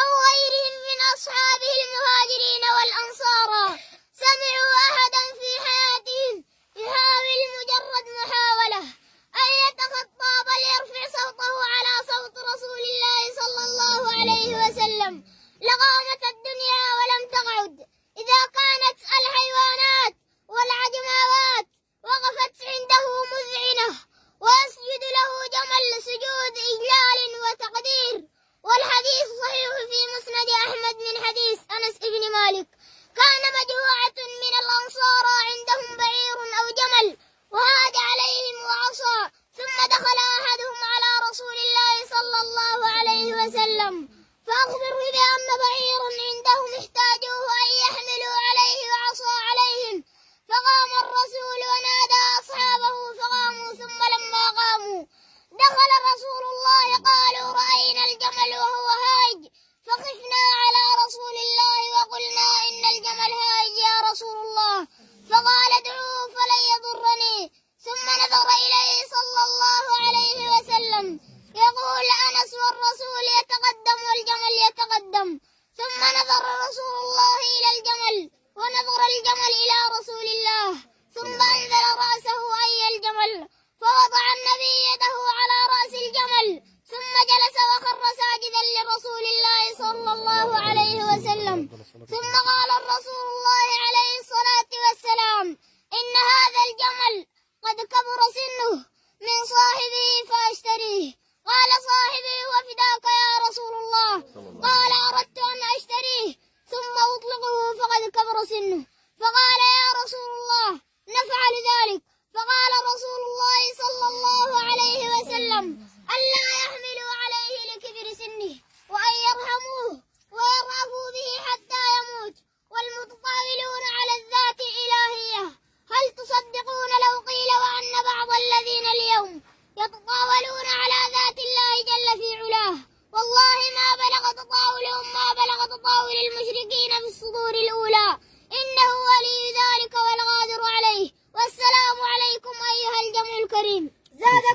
أو غيرهم من أصحابه المهاجرين والأنصار سمعوا أحدا في حياتهم يحاول مجرد محاولة أن يتخطى بل يرفع صوته على صوت رسول الله صلى الله عليه وسلم لقامت الدنيا وسلم فأخبره بأن بعيرا عندهم احتاجوه أن يحملوا عليه وعصى عليهم فقام الرسول ونادى أصحابه فقاموا ثم لما قاموا دخل رسول الله قالوا رأينا الجمل وهو إن هذا الجمل قد كبر سنه من صاحبه فاشتريه قال صاحبي المشركين في الصدور الأولى إنه ولي ذلك والغادر عليه والسلام عليكم أيها الجمع الكريم زادكم